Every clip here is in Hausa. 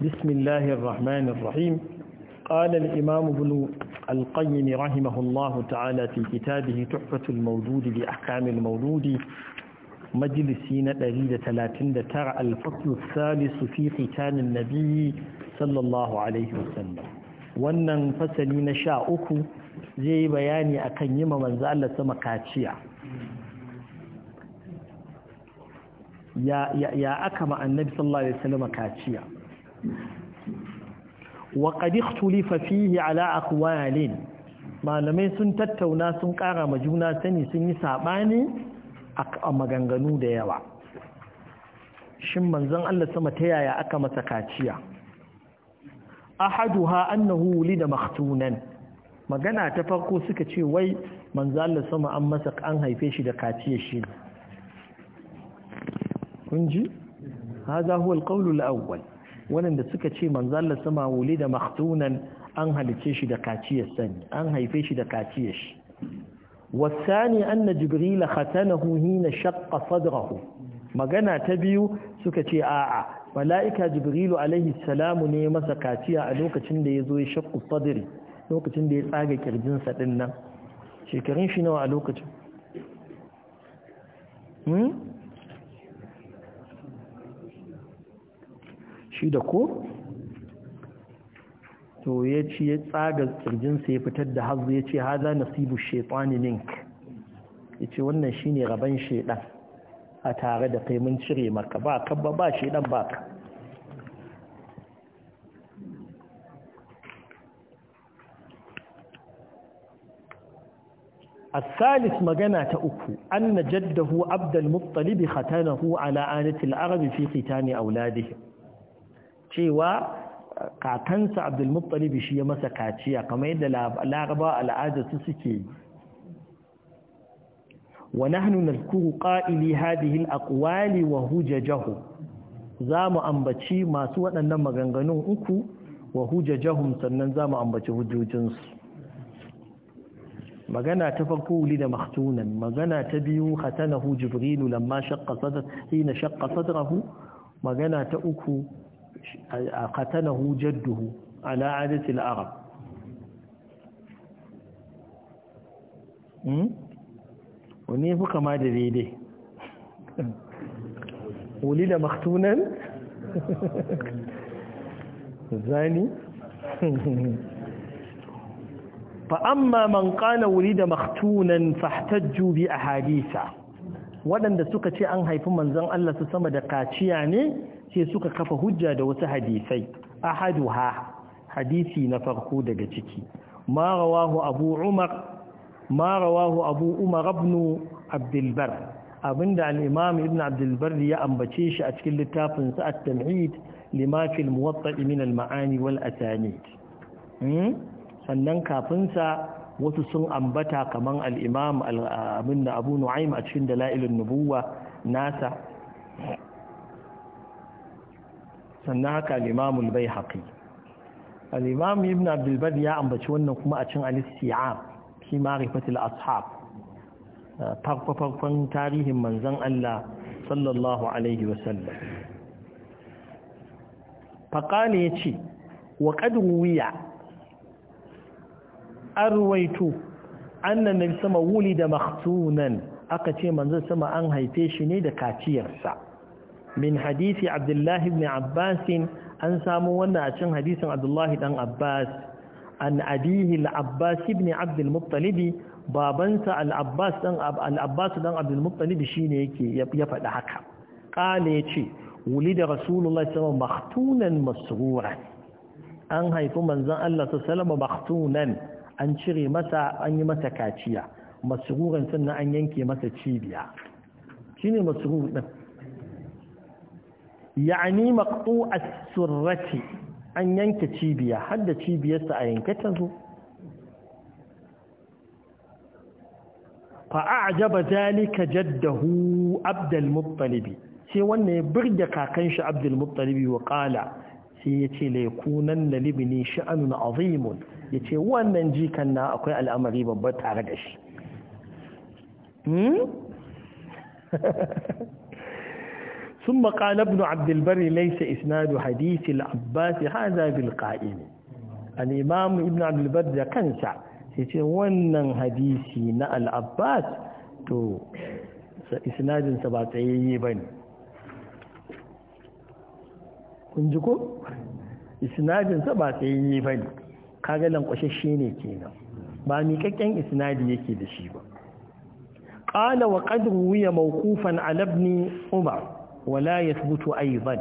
بسم الله الرحمن الرحيم قال الإمام ابن القيم رحمه الله تعالى في كتابه تحفة المولود لأحكام المولود مجلسين دليل ثلاثين ترى الفصل الثالث في ختان النبي صلى الله عليه وسلم wannan fasali na sha uku zai yi bayani akan yi ma manzo Allah sama kaciya ya aka ma annabi sallallahu alaihi wasallam kaciya wa qad ikhtulifa fihi ala aqwalin malamai sun tattauna sun kara ma juna sani sun yi sabani a maganganu da yawa shin manzon Allah sama ta yaya aka masa kaciya ahaduha annahu wulida maktunan magana ta farko suka ce wai manzon Allah sama an masa an haife shi da kaciya shi kun ji hada huwa alqawlu alawwal waɗanda suka ce manzalla sama wuli da maktunan an halice shi da kaciyar sani an haife shi da kaciyar shi wasani anna jibril huhi na shakka sadrahu magana ta biyu suka ce a'a mala'ika jibrilu alaihi salamu ne masa kaciya a lokacin da ya zo ya shakku sadri lokacin da ya tsaga kirjinsa din nan shekarun shi nawa a lokacin hmm? shi da ko to ya ci ya tsaga kirjinsa ya fitar da hazu ya ce haza nasibu shaitani mink ya ce wannan shi ne rabon shaidan a tare da kai mun cire maka ba ka ba ba shaidan ba ka الثالث مجانا تأكو أن جده عبد المطلب ختانه على آلة العرب في ختان أولادهم cewa kakansa abdulmuttalib shi ya masa kaciya kamar yadda laraba al'adarsu suke yi wa nahnu nadhkuru qa'ili hadhihi al-aqwali wa hujajahu zamu ambaci masu waɗannan maganganun uku wa hujajahum sannan zamu ambaci hujjojinsu magana ta Farkoli da maktunan magana ta biyu khatanahu jibrilu lamma shaqqa sadr hina shaqqa sadrahu magana ta uku قتله جده على عادة العرب wani fi kama da daidai wuli da maktunan zani ƙana wuli da maktunan fahtajju bi a hadisa waɗanda suka ce an haifi manzon Allah su sama da kaciya ne sai suka kafa hujja da wasu hadisai ha hadisi na farko daga ciki ma rawahu abu umar ma rawahu abu umar ibn abdul bar abinda al-imam ibn abdul bar ya ambace shi a cikin littafin sa at-tamhid lima fi muwatta min al-ma'ani wal asanid hmm? sannan kafin sa wasu sun ambata kaman al-imam da abu nu'aym a cikin dalailun nubuwa nasa sannan haka al'imamul bai haƙi al'imamu ibn abdulbar ya ambaci wannan kuma a cin alistiyam fi marifatul ashab farko tarihin manzan Allah sallallahu alaihi wasallam faƙali ya ce wa ƙadin wuya an ruwaito annan na sama wuli da maktunan aka ce manzan sama an haife shi ne da kaciyarsa min hadisi abdullahi ibn abbas an samu wannan a cikin hadisin abdullahi dan abbas an abihi al-abbas ibn abd al-muttalib babansa al-abbas dan al-abbas dan abd al-muttalib shine yake ya faɗi haka qala yace wulida rasulullahi sallallahu alaihi wasallam maktunan masruran an haifi manzon Allah sallallahu alaihi maktunan an cire masa an yi masa kaciya masruran sannan an yanke masa cibiya shine masrur din yani maƙo a surrati an yanke cibiya har da cibiyarsa a yanke ta zo fa a jaba zalika jaddahu abdulmuttalibi sai wannan ya birge kakan shi abdulmuttalibi wa ƙala sai ya ce lai kunan shi anuna a yace wannan jikan na akwai al'amari babbar tare da shi hmm? ثم قال ابن عبد البر ليس إسناد حديث العباس هذا بالقائم الإمام ابن عبد البر كنسع ونن حديثي نا العباس تو إسناد سبعتي بني kun ji ko ba tsayayye ba ne kaga lankwashashe ne kenan ba kakken isnadi yake da shi ba ƙala wa ƙadru ya mawkufan alabni umar wala يثبت aidan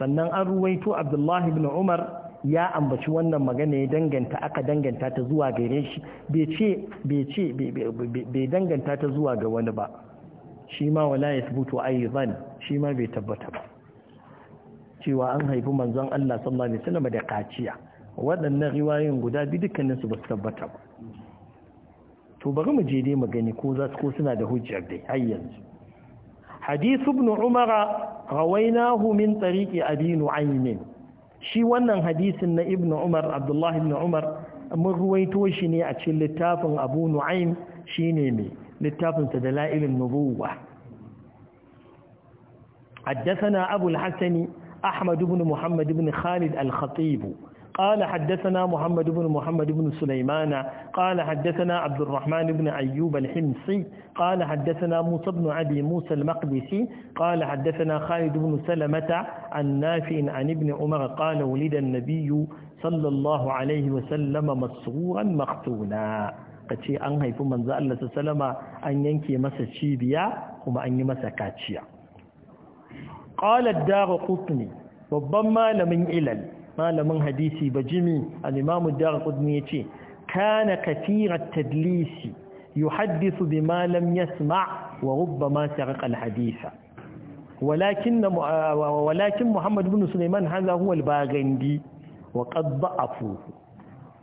sannan an ruwaito Abdullahi ibn Umar ya ambaci wannan magana ya danganta aka danganta ta zuwa gare shi bai ce bai ce bai danganta ta zuwa ga wani ba shi ma wala yathbutu aidan shi ma bai tabbata ba cewa an haifi manzon Allah sallallahu alaihi wasallam da kaciya waɗannan riwayoyin guda biyu dukkanin su ba su tabbata ba to bari mu je dai mu gani ko za su ko suna da hujjar dai har yanzu حديث ابن عمر رويناه من طريق أبي نعيم شي wannan hadisin na ibnu umar abdullahi ibn umar mun ruwaito shi ne a cikin littafin abu nu'aym shine mai littafin sa lailin nubuwa haddathana abu al-hasan ahmad ibn muhammad ibn khalid al-khatib قال حدثنا محمد بن محمد بن سليمان قال حدثنا عبد الرحمن بن أيوب الحمصي قال حدثنا موسى بن أبي موسى المقدسي قال حدثنا خالد بن سلمة عن نافع عن ابن عمر قال ولد النبي صلى الله عليه وسلم مسرورا مختونا kace an haifi manzo Allah sallama an yanke masa cibiya kuma an yi masa kaciya qala ad-darqutni babban malamin ilal malamin hadisi bajimi al-imam ad-darqutni yace kana kathira at-tadlisi yuhaddithu bima lam yasma' wa rubbama saraqa al-haditha ولكن ولكن محمد بن سليمان هذا هو الباغندي وقد ضعفوه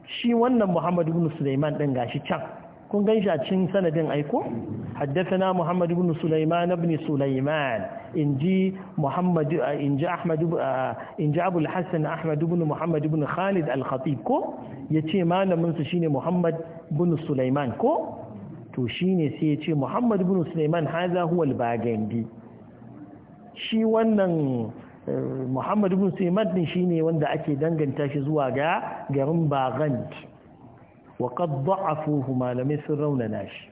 shi wannan Muhammad ibn Sulaiman din gashi can kun gan shi a cin sanadin aiko haddathana muhammad ibn sulaiman ibn sulaiman inji muhammad in ahmad inji abul hasan ahmad ibn muhammad ibn khalid al khatib ko yace malamin su shine muhammad ibn sulaiman ko to shine sai yace muhammad ibn sulaiman haza huwa al bagandi shi wannan eh, muhammad ibn sulaiman shi ne wanda ake danganta shi zuwa ga garin bagandi وقد ضعفوه malamai sun raunana shi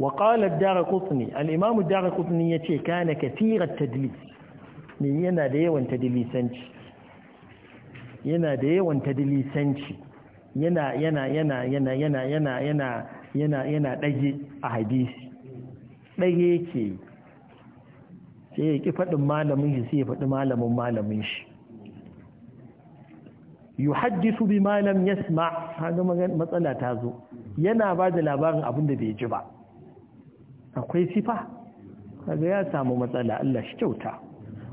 وقال الدار قطني الإمام الدار قطني يتي كان كثير التدليس من ينا دي وان تدليسانش ينا دي وان تدليسانش ينا ينا ينا ينا ينا ينا ينا ينا ينا دجي أحاديث دجي يكي sai ya ƙi faɗin malamin shi sai ya faɗi malamin malamin shi yuhaddisu bima lam yasma haka matsala ta zo yana ba da labarin abin da bai ji ba akwai sifa kaga ya samu matsala Allah shi kyauta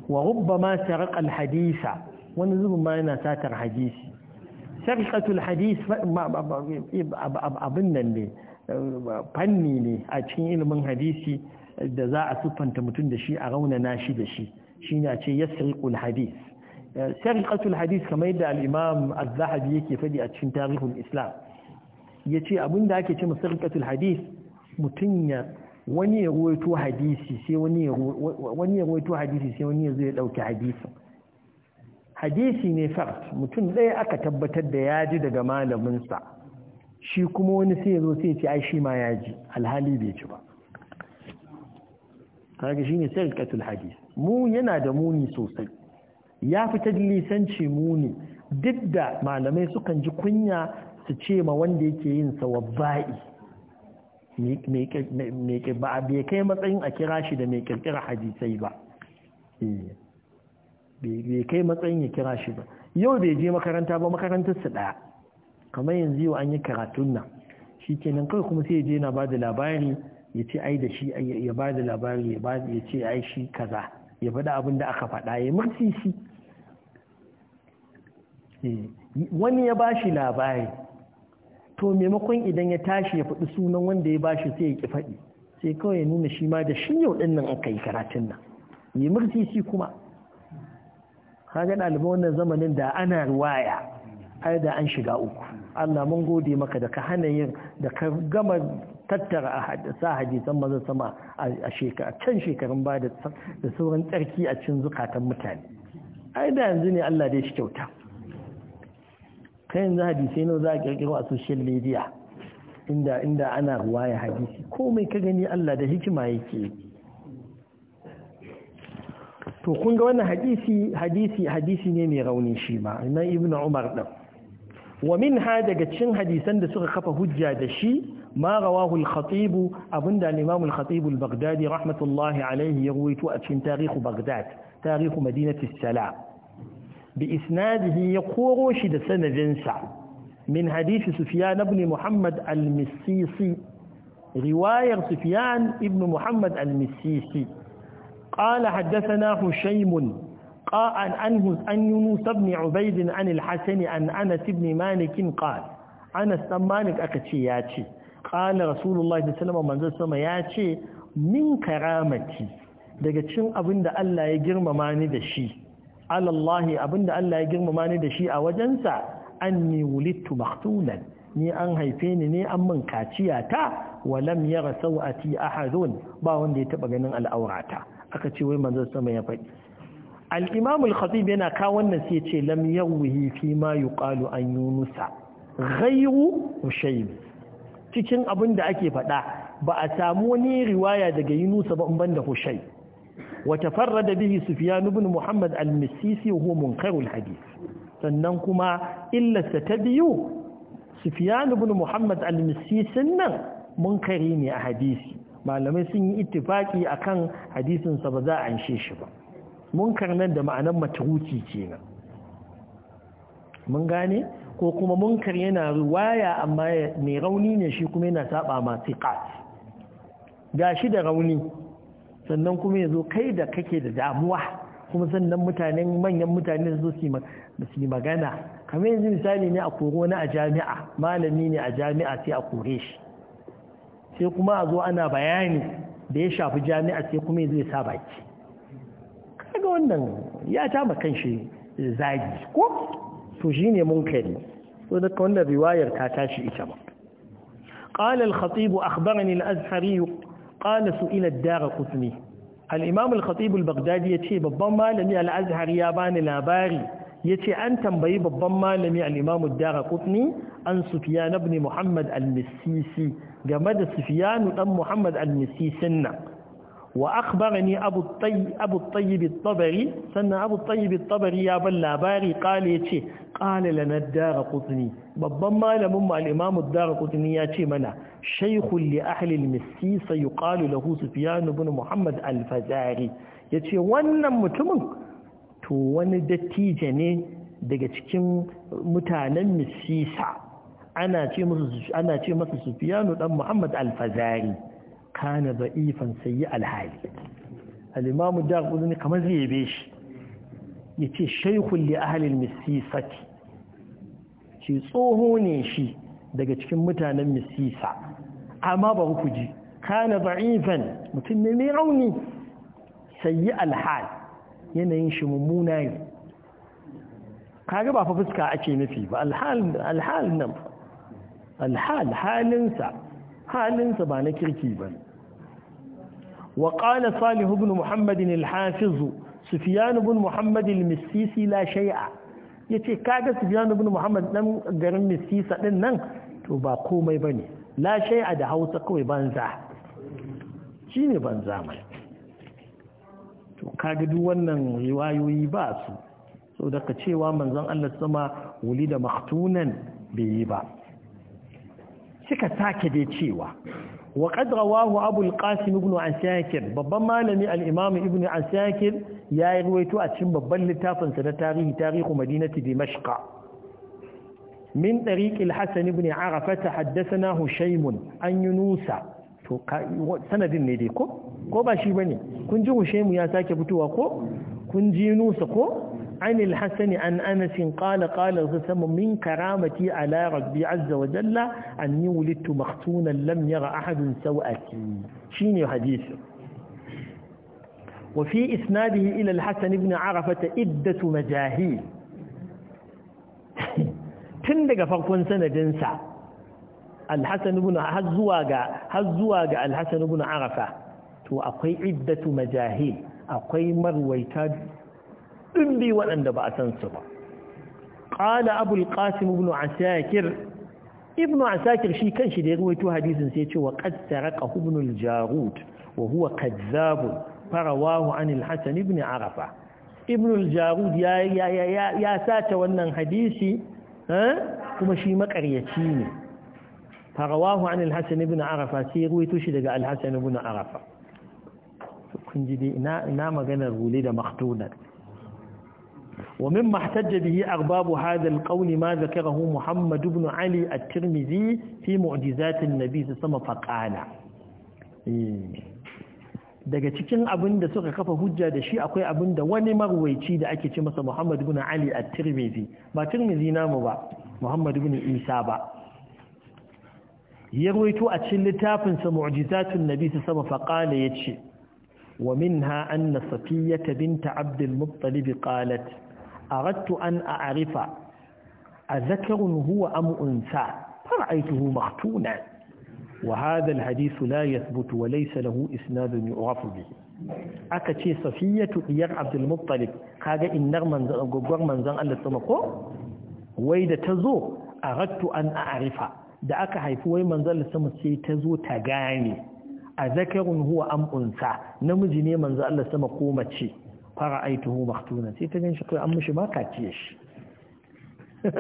wa rubbama saraqa hadisa wani zubin ma yana satar hadisi sarqatul hadis abin nan ne fanni ne a cikin ilimin hadisi da za a siffanta mutum da shi a raunana shi da shi shine a ce yasriqul hadis shari'atul hadis kamar yadda al-imam zahabi yake faɗi a cikin tarihul islam yace abinda ake ce shari'atul hadis mutun ya wani ya ruwaito hadisi sai wani ya ruwaito hadisi sai wani ya zo ya hadisi hadisi ne fard mutum ɗaya aka tabbatar da ya ji daga malaminsa shi kuma wani sai ya zo sai ya ce ai shi ma ya ji alhali bai ci ba kaga shine shari'atul hadis mu yana da muni sosai ya fi lisanci muni duk da malamai sukan ji kunya su ce ma wanda yake yin sawabba'i ba bai kai matsayin a kira shi da mai kirkira hadisai ba eh, bai kai matsayin ya kira shi ba yau bai je makaranta ba makarantar su ɗaya kamar yanzu yau an yi karatun nan shi kenan kawai kuma sai je na ba da labari ya ce ai da shi ya ba da labari ya ce ai shi kaza ya faɗa abin da aka faɗa ya murci shi Eh, wani ya ba shi labari to maimakon idan ya tashi ya faɗi sunan wanda ya ba shi sai ya ƙi faɗi sai kawai ya nuna shi ma da shi yau ɗin nan aka yi karatun nan yi murtisi kuma kaga ɗalibai wannan zamanin da ana ruwaya har da an shiga uku Allah mun gode maka da ka hana yin da ka gama tattara sa hadisan maza sama a shekara can shekarun ba da sauran tsarki a cin zukatan mutane ai da yanzu ne Allah dai shi kyauta kai yanzu hadisai nawa za a kirkiro a social media inda inda ana ruwaya hadisi komai ka gani Allah da hikima yake to kun ga wannan hadisi hadisi hadisi ne mai rauni shi ma na ibnu umar da wa ha daga cin hadisan da suka kafa hujja da shi ma rawahu al-khatib abunda al-imam al-khatib al-baghdadi rahmatullahi alayhi ya ruwaito a cikin tarihu baghdad tarihu madinati salam bi isnadihi ya koro shi da sanadinsa min hadisi sufyan ibn muhammad al-missisi riwayar sufyan ibn muhammad al-missisi قال حدثنا هشيم قال عنه أن يونس بن عبيد عن الحسن عن أنس بن مالك قال أنس مالك أكتشي ياتي قال رسول الله صلى الله عليه وسلم ياتي من كرامتي daga cin abin da Allah ya girmama ni da shi alallahi abinda Allah ya girmama ni da shi a wajensa an ni wulittu maktunan ni an haife ni ne an min kaciya ta wa lam yara sau'ati ahadun ba wanda ya taba ganin al'aurata aka ce wai manzon sama ya faɗi al-imam al-khatib yana kawo wannan sai ce lam yawihi fi ma yuqalu an yunusa ghayru ushayb cikin abin da ake faɗa ba a samu wani riwaya daga yunusa ba in banda hushayb وتفرد به سفيان بن محمد المسيسي وهو منكر الحديث sannan kuma illarsa ta biyu Sufiyanu ibn muhammad al-missisin nan munkari ne a hadisi malamai sun yi ittifaki akan hadisin sa ba za a anshe shi ba munkar nan da ma'anar matruki kenan mun gane ko kuma munkar yana riwaya amma mai rauni ne shi kuma yana saba ma siqat gashi da rauni sannan kuma ya zo kai da kake da damuwa kuma sannan mutanen manyan mutane su su yi magana kamar yanzu misali ne a koro na a jami'a malami ne a jami'a sai a kore shi sai kuma a zo ana bayani da ya shafi jami'a sai kuma ya sa baki kaga wannan ya tama kan shi zagi ko to shi ne munkari so da wannan riwayar ta tashi ita ba قال الخطيب أخبرني الأزهري qala su ad-darqutni al-imam al-khatib al-baghdadi ce babban malami al ya bani labari yace an tambayi babban malami al dara ad an an na ibn muhammad al game da sufyan dan muhammad al nan wa akhbarani abu tayyib abu tayyib tabari sanna abu tayyib tabari ya bal labari qala yace qala lana ad-darqutni babban malamin mu al-imam ad-darqutni yace mana shaykhu li ahli al-misti sayqalu lahu sufyan ibn muhammad al yace wannan mutumin to wani dattija ne daga cikin mutanen misisa ana ce masa sufyan ibn muhammad alfazari. kana da'ifan sayi alhali alimamu da ad kamar zai yabe shi yace shaykhun li ahli al-misisati shi tsoho ne shi daga cikin mutanen misisa amma ba ku ji kana da'ifan mutum ne mai rauni sayi alhal yanayin shi mummuna ne kaga ba fa fuska ake nufi ba alhal alhal nan alhal halinsa halinsa ba na kirki ba وقال صالح بن محمد الحافظ سفيان بن محمد المسيسي لا شيء yace kaga Sufyan ibn Muhammad dan garin Misisa din nan to ba komai bane la shay'a da Hausa kawai banza shine banza mai to kaga duk wannan riwayoyi ba su saboda ka cewa manzon Allah sama wulida maktunan bai yi ba suka sake dai cewa wa qad rawahu abu al-qasim ibn babban malami al-imam ibn asakir ya yi ruwaito a cikin babban littafin sa na tarihi tarihu madinati dimashq min tariq al-hasan ibn arafah haddathana hushaymun an yunusa to sanadin ne dai ko ko ba shi bane kun ji hushaymu ya sake fitowa ko kun ji yunusa ko عن الحسن عن أنس قال قال الغسام من كرامتي على ربي عز وجل أني ولدت مختونا لم يرى أحد سوأتي شيني حديث وفي إسناده إلى الحسن بن عرفة إدة مجاهيل تندق فرق سنة جنسة الحسن بن هزواج هزواج الحسن بن عرفة وأقوي عدة مجاهيل أقوي مرويتاد ɗumbi waɗanda ba a san su ba ƙala abul qasim ibn asakir ibn asakir shi kanshi da ya ruwaito hadisin sai ce wa qad saraka ibn jarud wa huwa kadzab farawahu an al ibn arafa ibn jarud ya sace wannan hadisi eh, kuma shi makaryaci ne farawahu an al ibn arafa sai ya ruwaito shi daga alhassan hasan ibn arafa kun ji dai ina maganar rule da maktunan ومما احتج به أرباب هذا القول ما ذكره محمد بن علي الترمذي في معجزات النبي صلى الله عليه وسلم فقال daga cikin abin da suka kafa hujja da shi akwai abin da wani marwaici da ake ce masa Muhammad ibn Ali at-Tirmidhi ba Tirmidhi namu ba Muhammad ibn Isa ba ya rawaito a cikin littafin sa mu'jizatun nabi sallallahu alaihi wasallam yace wa minha anna Safiyyah bint Abd al-Muttalib qalat aradtu an a'rifa azakarun huwa am unsa fara'aytuhu makhtuna wa hadha alhadith la yathbutu wa laysa lahu isnadun yu'rafu bihi aka ce safiyatu diyar abdul ka ga innar manzon gogwar manzon Allah sama ko wai da tazo aradtu an a'rifa da aka haifi wai manzon Allah sama sai tazo ta gane a zakarun huwa am namiji ne manzo Allah sama ko mace fara'aituhu maktuna sai ta ganshi kai an mishi baka ciye shi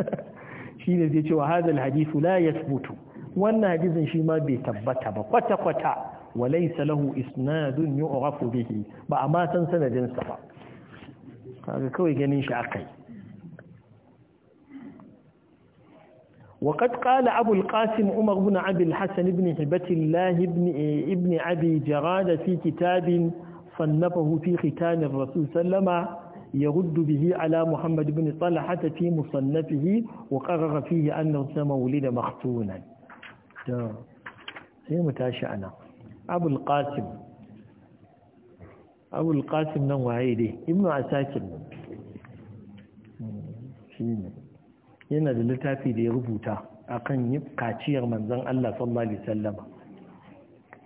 shine zai ce wa hadal hadithu la yathbutu wannan hadisin shi ma bai tabbata ba kwata kwata wa laysa lahu isnadun yu'rafu bihi ba amma san sanadin sa ba kaga kawai ganin shi akai وقد قال أبو القاسم عمر بن عبد الحسن بن هبة الله بن ابن أبي جراد في كتاب صنفه في ختان الرسول سلم يرد به على محمد بن طلحة في مصنفه وقرر فيه أنه سمى مختونا sai mu tashi ana abul qasim nan waye dai ibnu asakir yana da littafi da ya rubuta akan kaciyar manzon Allah sallallahu alaihi wasallam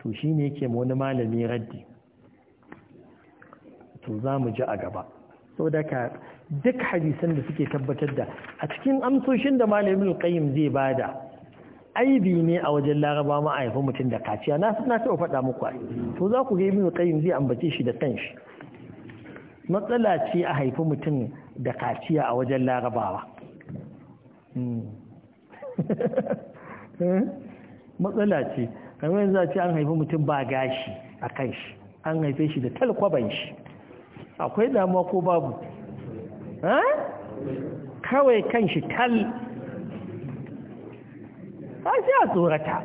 to shine yake ma wani malami raddi to za mu ji a gaba daga duk hadisan da suke tabbatar da a cikin amsoshin da malamin qayyim zai bada aibi ne a wajen laraba ma mutum da kaciya na suna taɓa faɗa muku a to za ku ga ibnu qayyim zai ambace shi da kanshi matsala ce a haifi mutum da kaciya a wajen larabawa hmm. Hmm? matsala ce kamar yanzu a ce an haifi mutum ba gashi a kanshi an haife shi da talkwaban shi akwai damuwa ko babu kawai kan shi kal ba shi a tsorata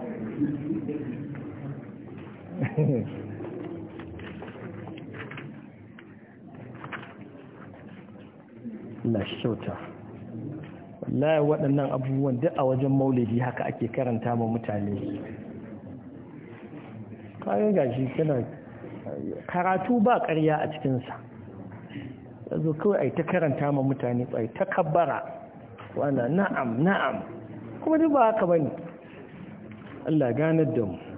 na shauta wallahi waɗannan abubuwan duk a wajen maulidi haka ake karanta ma mutane kayan gashi suna karatu ba karya a cikinsa zo kawai a yi ta karanta ma mutane a yi ta kabbara wala na'am na'am kuma duk ba haka bane Allah ganar da mu